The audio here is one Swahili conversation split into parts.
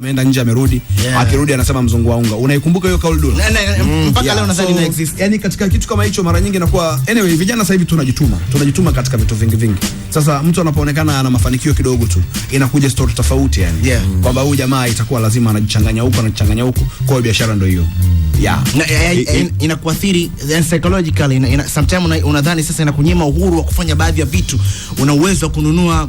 ameenda nje amerudi, yeah. Akirudi anasema mzungu wa unga. Unaikumbuka hiyo kauli dula? Mm. Mpaka yeah. Leo nadhani so, ina exist. yani katika kitu kama hicho mara nyingi inakuwa anyway, vijana sasa hivi tunajituma. Tunajituma katika vitu vingi vingi. Sasa mtu anapoonekana ana mafanikio kidogo tu, inakuja story tofauti yani. Yeah. mm. Kwamba huyu jamaa itakuwa lazima anajichanganya huko anajichanganya huko. Kwa hiyo biashara ndio hiyo. Mm. Yeah. Na, eh, eh, Inakuathiri psychologically. Ina, ina, sometimes unadhani una sasa inakunyima uhuru wa kufanya baadhi ya vitu. Una uwezo wa kununua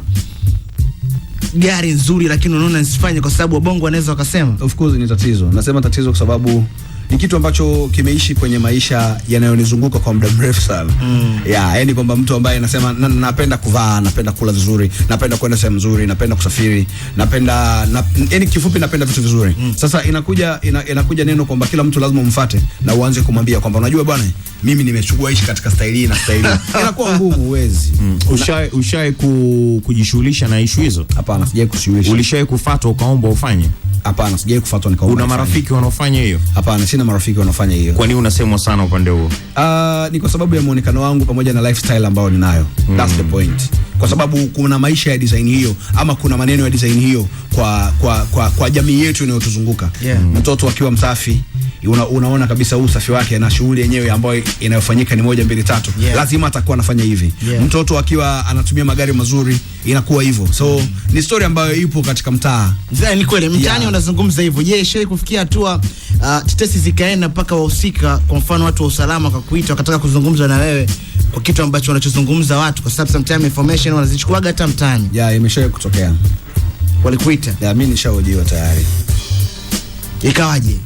gari nzuri, lakini unaona nisifanye kwa sababu wabongo wanaweza wakasema. Of course ni tatizo, nasema tatizo kwa sababu ni kitu ambacho kimeishi kwenye maisha yanayonizunguka kwa muda mrefu sana. Mm. ya Yeah, yani kwamba mtu ambaye anasema na, napenda kuvaa, napenda kula vizuri, napenda kwenda sehemu nzuri, napenda kusafiri, napenda na, yani kifupi napenda vitu vizuri. Mm. Sasa inakuja ina, inakuja neno kwamba kila mtu lazima umfuate na uanze kumwambia kwamba unajua bwana, mimi nimechukua ishi katika staili hii na staili. Inakuwa ngumu uwezi. Mm. Ushae ushae ku, kujishughulisha na issue hizo? Hapana, sijai kushughulisha. Ulishawahi kufuata ukaomba ufanye? Hapana, sijai kufuatwa nikaona. Una marafiki wanaofanya hiyo? Hapana, sina marafiki wanaofanya hiyo. Kwa nini unasemwa sana upande huo? Ah, uh, ni kwa sababu ya muonekano wangu pamoja na lifestyle ambayo ninayo. Mm. That's the point kwa sababu kuna maisha ya design hiyo ama kuna maneno ya design hiyo kwa, kwa, kwa, kwa jamii yetu inayotuzunguka yeah. Mm-hmm. Mtoto akiwa msafi una, unaona kabisa usafi wake na shughuli yenyewe ambayo inayofanyika ni moja mbili tatu yeah. Lazima atakuwa anafanya hivi yeah. Mtoto akiwa anatumia magari mazuri inakuwa hivyo, so mm. ni story ambayo ipo katika mtaa. Ni kweli mtaani yeah. unazungumza hivyo. Je, shei kufikia hatua uh, tetesi zikaenda mpaka wahusika, kwa mfano watu wa usalama kwa kuita wakataka kuzungumza na wewe kwa kitu ambacho wanachozungumza watu, kwa sababu sometimes information wanazichukuaga hata mtaani. Yeah, imeshawahi kutokea. Walikuita? Yeah, mimi nishaojiwa tayari. Ikawaje?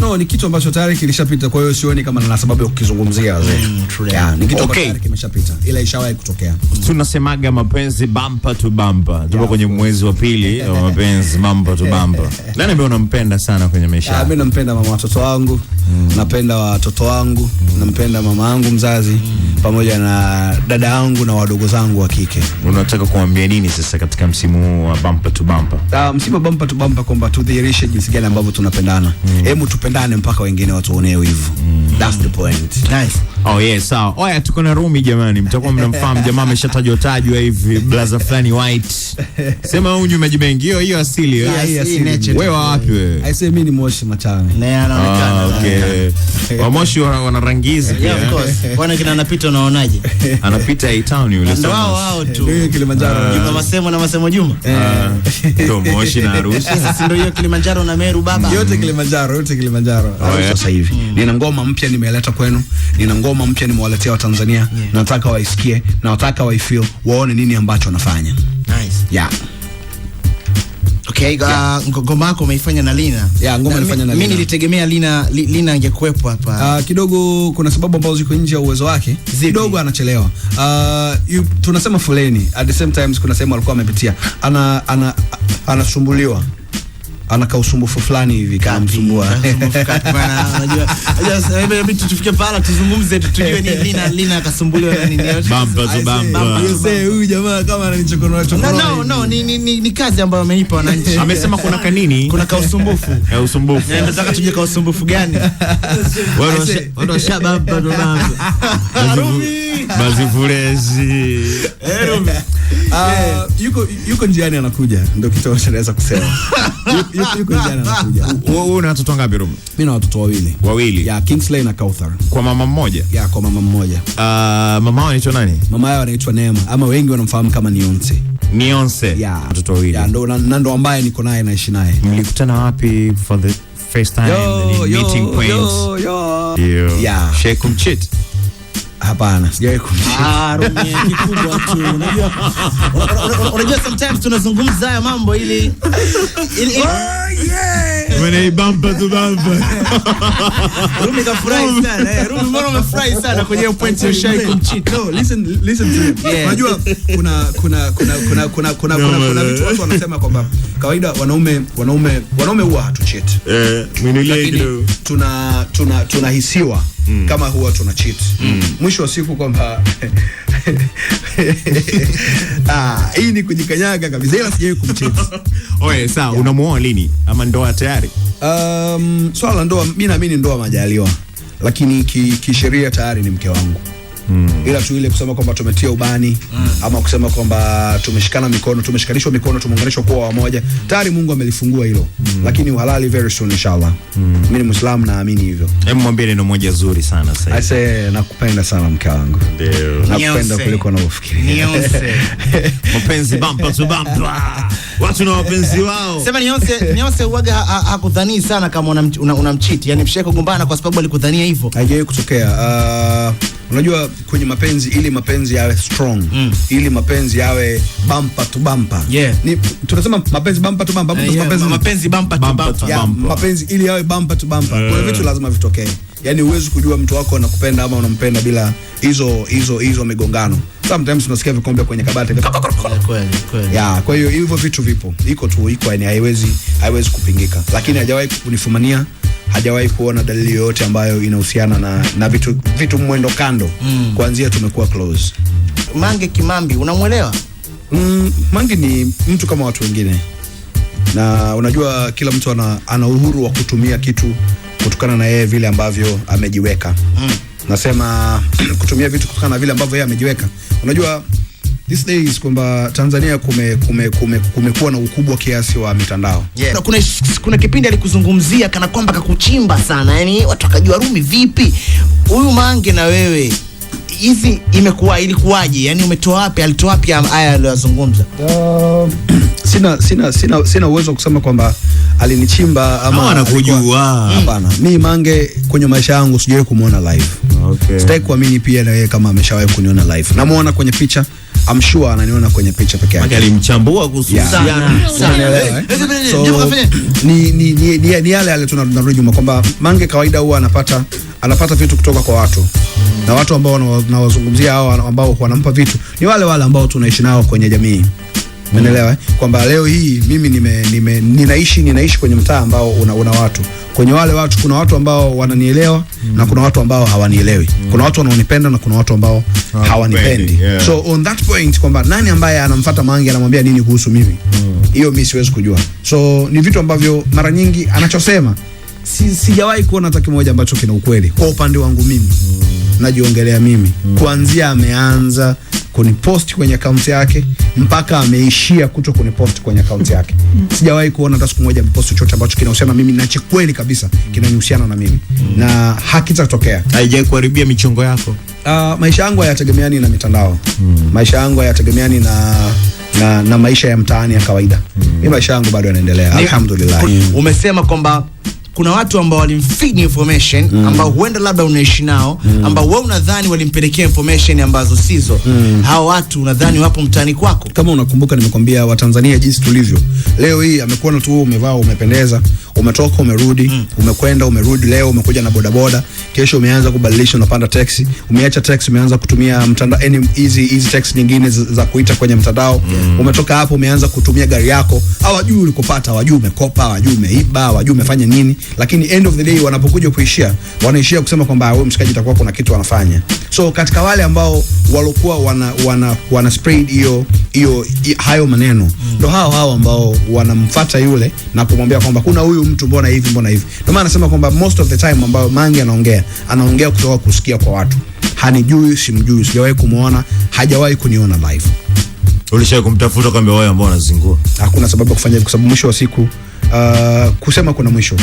No, ni kitu ambacho tayari kilishapita, kwa hiyo sioni kama nina sababu ya kukizungumzia wazee. Mm, yeah, ni kitu okay, tayari kimeshapita ila ishawahi kutokea. Tunasemaga mapenzi bumper to bumper. Tupo kwenye mwezi wa pili wa mapenzi bumper to bumper. Nani ambaye unampenda sana kwenye maisha? Yeah, mimi nampenda mama watoto wangu, mm, napenda watoto wangu, mm, nampenda mama yangu mzazi, mm pamoja na dada yangu na wadogo zangu wa kike. Unataka kuambia nini sasa katika msimu wa bumper to bumper? Ah, msimu wa bumper to bumper kwamba tudhihirishe jinsi gani ambavyo tunapendana. Mm. Hebu tupendane mpaka wengine watuonee wivu. Mm. That's the point. Nice. Oh yeah, sawa. So, oya tuko na Rumi jamani, mtakuwa mnamfahamu jamaa ameshatajwa tajwa hivi blazer fulani white. Sema huyu maji mengi. Hiyo hiyo asili. Yeah, yeah, asili. Wewe wapi wewe? I say mimi ni Moshi machana. Na anaonekana. Ah, okay. Wa Moshi wana rangizi Yeah, of course. Wana kina napita unaonaje? Anapita hii town yule sana. Wao wao tu. Yeye Kilimanjaro. Juma Masemo na Masemo Juma. Ndio eh. ah, Moshi na Arusha. Sasa ndio hiyo Kilimanjaro na Meru baba. Yote Kilimanjaro, yote Kilimanjaro. Oh, Sasa hivi. Hmm. Nina ngoma mpya nimeleta kwenu. Nina ngoma mpya nimewaletea Watanzania. Nataka waisikie na nataka waifeel, waone nini ambacho wanafanya. Nice. Yeah. Okay, yeah. ngoma yako umeifanya na Lina. Yeah, ngoma nilifanya na Lina. Mimi nilitegemea Lina Lina angekuepo hapa. Uh, kidogo kuna sababu ambazo ziko nje ya uwezo wake. Kidogo anachelewa. Uh, ah, you, tunasema foleni. At the same times kuna sehemu alikuwa amepitia. Ana ana anasumbuliwa anaka usumbufu fulani hivi kama tufike pala tuzungumze tujue ni lina lina na nini. Bamba zo bamba. huyu jamaa kama ananichokonoa chokonoa. No no ni ni ni kazi ambayo ameipa wananchi. Amesema kuna kanini? Kuna usumbufu. Eh, nataka tujue gani? Wewe ndo shababa ndo bamba. Eh, Ah, eh, yuko yuko njiani anakuja, ndio kitu tunaweza kusema. Yuko, yuko njiani anakuja. Wewe una watoto ngapi Ruma? Mimi na watoto wawili. Wawili. Ya Kingsley na Kauthar. Kwa mama mmoja? Ya kwa mama mmoja. Ah, mama wao anaitwa nani? Mama yao anaitwa Neema, ama wengi wanamfahamu kama Nionse. Nionse. Ya watoto wawili. Ya ndo na ndo ambaye niko naye naishi naye. Mlikutana wapi for the first time yo, yo, yo, Yo, yo. Yeah. Shekumchit. Hapana, sijawahi kumshinda. Ah, kikubwa tu. Unajua, unajua sometimes tunazungumza haya mambo ili, ili, ili. Oh, yeah. Wewe bamba tu bamba. Rumi kafurahi sana eh. Rumi mbona umefurahi sana kwenye hiyo point ya Shai No, listen listen to him. Unajua kuna kuna kuna kuna kuna kuna kuna eh. watu wanasema kwamba kawaida wanaume wanaume wanaume huwa hatucheti. Eh, kidogo. Tuna tuna tunahisiwa mm. kama huwa tuna cheat. Mm. Mwisho wa siku kwamba Ah, hii ni kujikanyaga kabisa, ila sijawahi kumcheza. Oye, sawa, unamuoa lini ama ndoa tayari? Um, swala ndoa, mimi naamini ndoa majaliwa, lakini kisheria ki tayari ni mke wangu mm. ila tu ile kusema kwamba tumetia ubani mm. ama kusema kwamba tumeshikana mikono, tumeshikanishwa mikono, tumeunganishwa kuwa wamoja, mm. tayari Mungu amelifungua hilo mm. lakini uhalali very soon inshallah. mm. Mimi ni Muislamu, naamini hivyo. Hebu mwambie neno moja zuri sana sasa. hivi Aise, nakupenda sana mke wangu, ndio nakupenda kuliko unavyofikiria. mpenzi bumper tu bumper, watu na wapenzi wao. Sema Niyonse, Niyonse uaga hakudhani sana kama unamchiti, una, una yani msheko kugombana kwa sababu alikudhania hivyo, haijawahi kutokea uh, Unajua kwenye mapenzi ili mapenzi yawe strong mm. ili mapenzi yawe bampa to bampa Yeah. Ni tunasema mapenzi bumper to bumper, eh, yeah, mapenzi mapenzi bumper to bumper. Bumper, Mapenzi ili yawe bampa to bampa uh. Eh. kwa vitu lazima vitokee. yani huwezi kujua mtu wako anakupenda ama unampenda bila hizo hizo hizo migongano. Sometimes unasikia vikombe kwenye kabati. Eh, kweli kweli. ya kwa hiyo hivyo vitu vipo. Iko tu iko, yani haiwezi haiwezi kupingika. Lakini hajawahi kunifumania hajawahi kuona dalili yoyote ambayo inahusiana na, na vitu, vitu mwendo kando mm. Kuanzia tumekuwa close. Mange Kimambi unamwelewa? Mm, Mange ni mtu kama watu wengine, na unajua kila mtu ana, ana uhuru wa kutumia kitu kutokana na yeye vile ambavyo amejiweka mm. Nasema kutumia vitu kutokana na vile ambavyo yeye amejiweka, unajua these days kwamba Tanzania kumekuwa kume, kume, kume na ukubwa kiasi wa mitandao yeah. Kuna, kuna kipindi alikuzungumzia kana kwamba kakuchimba sana, yani watu wakajua Rumi vipi huyu Mange na wewe hizi imekuwa ilikuwaje? Yani umetoa wapi, alitoa wapi haya aliyozungumza? Uh, sina sina sina sina uwezo wa kusema kwamba alinichimba ama anakujua. Hapana, mimi Mange kwenye maisha yangu sijawahi kumuona live. Okay. Sitaki kuamini pia na yeye kama ameshawahi kuniona live. Namuona kwenye picha. I'm sure ananiona kwenye picha peke yake. Alimchambua kuhusu ni ni yale yale tunarudi nyuma kwamba Mange kawaida huwa anapata anapata vitu kutoka kwa watu na watu ambao nawazungumzia hao ambao wanampa vitu ni wale wale ambao tunaishi nao kwenye jamii. Umeelewa eh? Kwamba leo hii mimi nime, nime, ninaishi ninaishi kwenye mtaa ambao una, una watu. Kwenye wale watu kuna watu ambao wananielewa mm. na kuna watu ambao hawanielewi. Mm. Kuna watu wanaonipenda na kuna watu ambao hawanipendi. Yeah. So on that point kwamba nani ambaye anamfuata Mange anamwambia nini kuhusu mimi? Mm. Hiyo mm. mimi siwezi kujua. So ni vitu ambavyo mara nyingi anachosema si, sijawahi kuona hata kimoja ambacho kina ukweli kwa upande wangu mimi. Mm. Najiongelea mimi. Mm. Kuanzia ameanza kunipost kwenye account yake mpaka ameishia kuto kunipost kwenye account yake. Sijawahi kuona hata siku moja mpost chochote ambacho kinahusiana mimi na kweli kabisa kinanihusiana na mimi na hakitatokea. Haijai kuharibia michongo yako? Uh, maisha yangu hayategemeani na mitandao hmm. Maisha yangu hayategemeani na na, na maisha ya mtaani ya kawaida mm. Mimi maisha yangu bado yanaendelea, alhamdulillah. Umesema kwamba kuna watu ambao walimfeed information mm. ambao huenda labda unaishi nao mm. ambao wewe unadhani walimpelekea information ambazo sizo mm. hao watu unadhani wapo mtaani kwako. Kama unakumbuka, nimekwambia Watanzania jinsi tulivyo leo hii, amekuona tu umevaa, umependeza, umetoka, umerudi mm. umekwenda, umerudi, leo umekuja na bodaboda, kesho umeanza kubadilisha, unapanda taxi, umeacha taxi, umeanza kutumia mtanda any easy easy taxi nyingine za kuita kwenye mtandao mm. umetoka hapo, umeanza kutumia gari yako, hawajui ulikopata, hawajui umekopa, hawajui umeiba, hawajui umefanya nini lakini end of the day wanapokuja kuishia wanaishia kusema kwamba wewe mshikaji utakuwa kuna kitu wanafanya. So katika wale ambao walokuwa wana wana, wana spread hiyo hiyo hayo maneno ndo mm. hao hao ambao wanamfuata yule na kumwambia kwamba kuna huyu mtu mbona hivi mbona hivi. Ndio maana nasema kwamba most of the time ambao Mange anaongea anaongea kutoka kusikia kwa watu, hanijui, simjui, sijawahi kumuona, hajawahi kuniona live. Ulishawahi kumtafuta kwamba wao ambao wanazingua? Hakuna sababu ya kufanya hivyo, kwa sababu mwisho wa siku uh, kusema kuna mwisho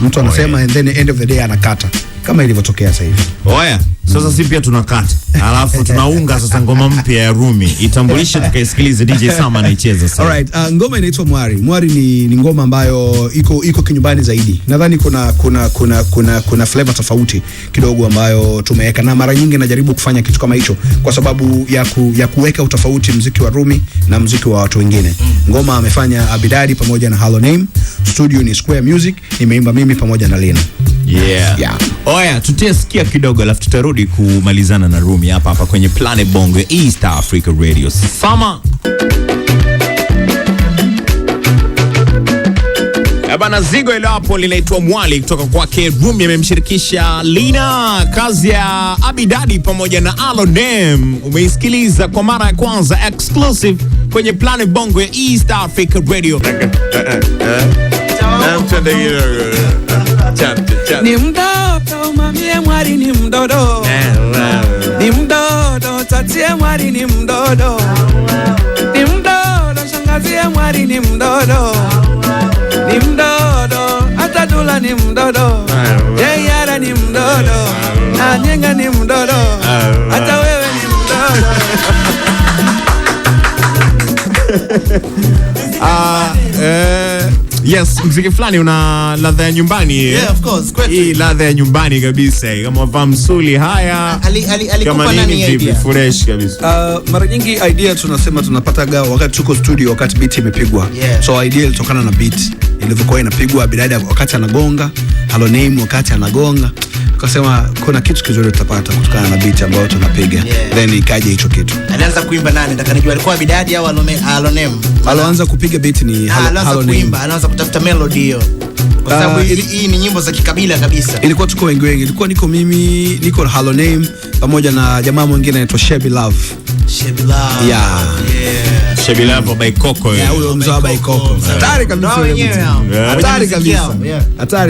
mtu anasema oh, yeah. and then end of the day anakata kama ilivyotokea sasa hivi. Oya, sasa sisi pia tunakata, alafu tunaunga sasa ngoma mpya ya Rumi, itambulishe tukaisikilize. DJ Sama anaicheza sasa. Alright, uh, ngoma inaitwa Mwari. Mwari ni, ni ngoma ambayo iko iko kinyumbani zaidi. Nadhani kuna kuna kuna kuna kuna flavor tofauti kidogo ambayo tumeweka, na mara nyingi najaribu kufanya kitu kama hicho kwa sababu ya, ku, ya kuweka utofauti mziki wa Rumi na mziki wa watu wengine. Ngoma amefanya Abidadi pamoja na Halo Name. Studio ni Square Music, nimeimba mimi pamoja na Lina. Yeah. Yeah. Oya, tutasikia kidogo alafu tutarudi kumalizana na Rumi hapa hapa kwenye Planet Bongo East Africa Radio. Sama. Bana zigo ile hapo linaitwa Mwali kutoka kwake Rumi, amemshirikisha Lina, kazi ya Abidadi pamoja na Alodem. Umeisikiliza kwa mara ya kwanza exclusive kwenye Planet Bongo ya East Africa Radio. Eh, eh, eh, ni mdodo mamie mwari ni mdodo ni mdodo tatie mwari ni mdodo ni mdodo shangazie mwari ni mdodo ni mdodo atadula ni mdodo yeyara ni mdodo anyenga ni mdodo hata wewe ni mdodo ah, Yes, mziki fulani una ladha ya nyumbani. Yeah, of course. Hii ladha ya nyumbani kabisa. Kama vaa msuli haya. kama nani idea? Fresh kabisa. Uh, mara nyingi idea tunasema tunapata gawa wakati tuko studio wakati beat imepigwa. Yeah. So idea ilitokana na beat ilivyokuwa inapigwa, Bidada wakati anagonga, Haloname wakati anagonga kasema kuna kitu kizuri tutapata kutokana na beat ambayo tunapiga yeah. Then ikaja hicho kitu. Alianza kuimba nani? Nataka nijue alikuwa Bidadi au Alonem? Alianza kupiga beat ni kuimba Alianza kutafuta melody hiyo. Kwa sababu uh, hii ni nyimbo za kikabila kabisa. Ilikuwa tuko wengi wengi, ilikuwa niko mimi, niko halo name pamoja na jamaa mwingine anaitwa Shebi Love. Sasa eh.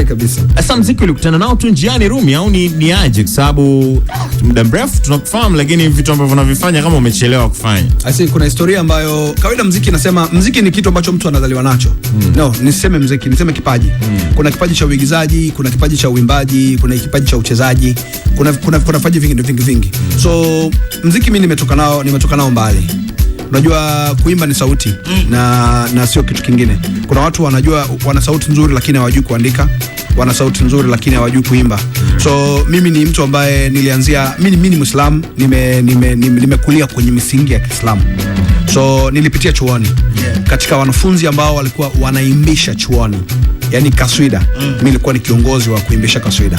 eh. mziki eh, ulikutana nao tu njiani Rumi au ni ni aje kwa sababu muda mrefu tunakufahamu lakini vitu ambavyo unavifanya kama umechelewa kufanya. Asi kuna historia ambayo kawaida mziki nasema mziki ni kitu ambacho mtu anazaliwa nacho. hmm. No, niseme mziki, niseme kipaji. hmm. Kuna kipaji cha uigizaji, kuna kipaji cha uimbaji, kuna kipaji cha uchezaji, kuna kuna kuna vipaji vingi vingi vingi. hmm. So mziki mi nimetoka nao nimetoka nao mbali. Unajua kuimba ni sauti mm. na, na sio kitu kingine. Kuna watu wanajua wana sauti nzuri lakini hawajui kuandika, wana sauti nzuri lakini hawajui kuimba. Mm. So mimi ni mtu ambaye nilianzia mimi, mimi ni Muislamu, nimekulia nime, nime, nime kwenye misingi ya Kiislamu. So nilipitia chuoni yeah. katika wanafunzi ambao walikuwa wanaimbisha chuoni, yani kaswida mm. mimi nilikuwa ni kiongozi wa kuimbisha kaswida.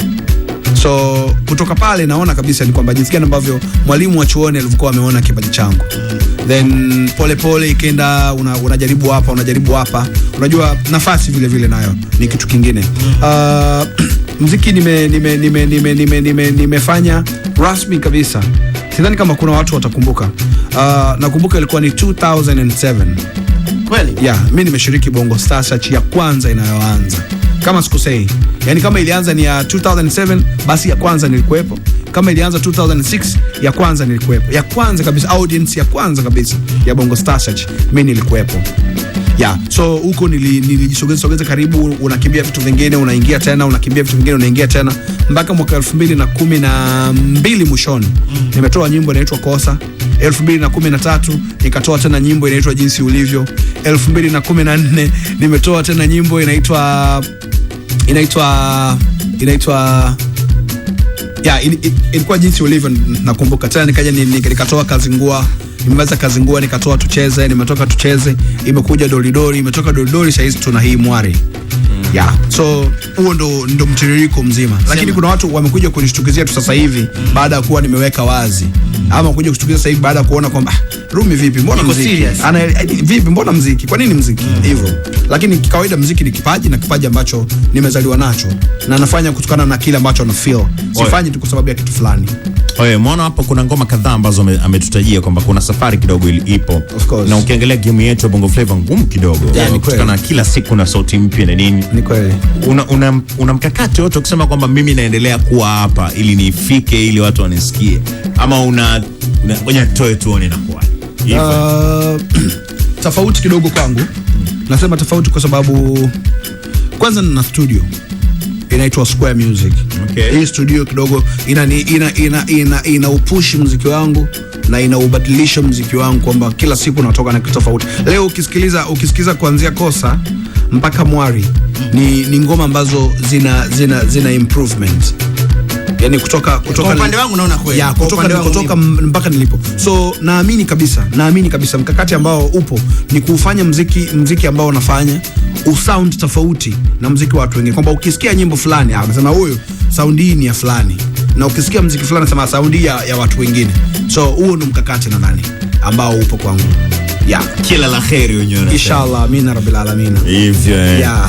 So kutoka pale naona kabisa ni kwamba jinsi gani ambavyo mwalimu wa chuoni alivyokuwa ameona kipaji changu, then pole pole ikaenda, unajaribu una hapa unajaribu hapa, unajua nafasi vile vile nayo ni kitu kingine uh, mziki nime nime, nime, nime, nime, nime, nime rasmi kabisa. Sidhani kama kuna watu watakumbuka. Uh, nakumbuka ilikuwa ni 2007 kweli? Yeah, mimi nimeshiriki Bongo Star Search ya kwanza inayoanza kama sikosei, yani kama ilianza ni ya 2007 basi ya kwanza nilikuwepo, kama ilianza 2006 ya kwanza nilikuwepo, ya kwanza kabisa audience ya kwanza kabisa ya Bongo Star Search mimi nilikuwepo. Yeah. So huko nilijisogeza sogeza karibu, unakimbia vitu vingine, unaingia tena, unakimbia vitu vingine, unaingia tena mpaka mwaka 2012 mbili na nimetoa nyimbo inaitwa Kosa. 2013 nikatoa tena nyimbo inaitwa Jinsi Ulivyo. elfu nimetoa tena nyimbo inaitwa inaitwa inaitwa ya ilikuwa jinsi ulivyo, nakumbuka tena, nikaja nikatoa kazi ngua nimeweza kazi ngua nikatoa tucheze, nimetoka tucheze, imekuja doridori, imetoka doridori, saa hizi tuna hii mwari mm. Yeah. So huo ndo, ndo mtiririko mzima Sema. Lakini kuna watu wamekuja kunishtukizia tu sasa hivi mm. baada ya kuwa nimeweka wazi, ama kuja kushtukiza sasa hivi baada ya kuona kwamba ah, Rumi vipi, mbona muziki? Ana eh, vipi, mbona mziki Kwa nini mziki mm. Hivyo. mm. Lakini kawaida mziki ni kipaji na kipaji ambacho nimezaliwa nacho na nafanya kutokana na kile ambacho na feel. Sifanyi tu kwa sababu ya kitu fulani. Oye, mwana hapo kuna ngoma kadhaa ambazo ametutajia kwamba kuna safari kidogo ili ipo. Na ukiangalia game yetu ya Bongo Flava ngumu kidogo. Yeah, kutokana kila siku na sauti mpya na nini. Ni kweli. Una una, una mkakati wote ukisema kwamba mimi naendelea kuwa hapa ili nifike ili watu wanisikie ama una ngoja toe tuone na kuwa uh, tofauti kidogo kwangu. Nasema tofauti kwa sababu kwanza na studio inaitwa Square Music. Okay. Hii studio kidogo ina ina ina ina, ina upushi muziki wangu na inaubadilisha muziki wangu kwamba kila siku natoka na kitu tofauti. Leo ukisikiliza ukisikiliza kuanzia Kosa mpaka Mwari ni, ni ngoma ambazo zina, zina, zina improvement yani kutoka kutoka upande wangu naona kweli ya kutoka kutoka mpaka nilipo. So naamini kabisa, naamini kabisa mkakati ambao upo ni kufanya mziki mziki ambao unafanya usound tofauti na mziki wa watu wengine, kwamba ukisikia nyimbo fulani anasema ah, huyu saundi hii ni ya fulani, na ukisikia mziki fulani sema saundi ya, ya watu wengine. So huo ndo mkakati nadhani ambao upo kwangu. Yeah. Kila la kheri, inshallah, amina rabbil alamin. Hivyo eh. Yeah.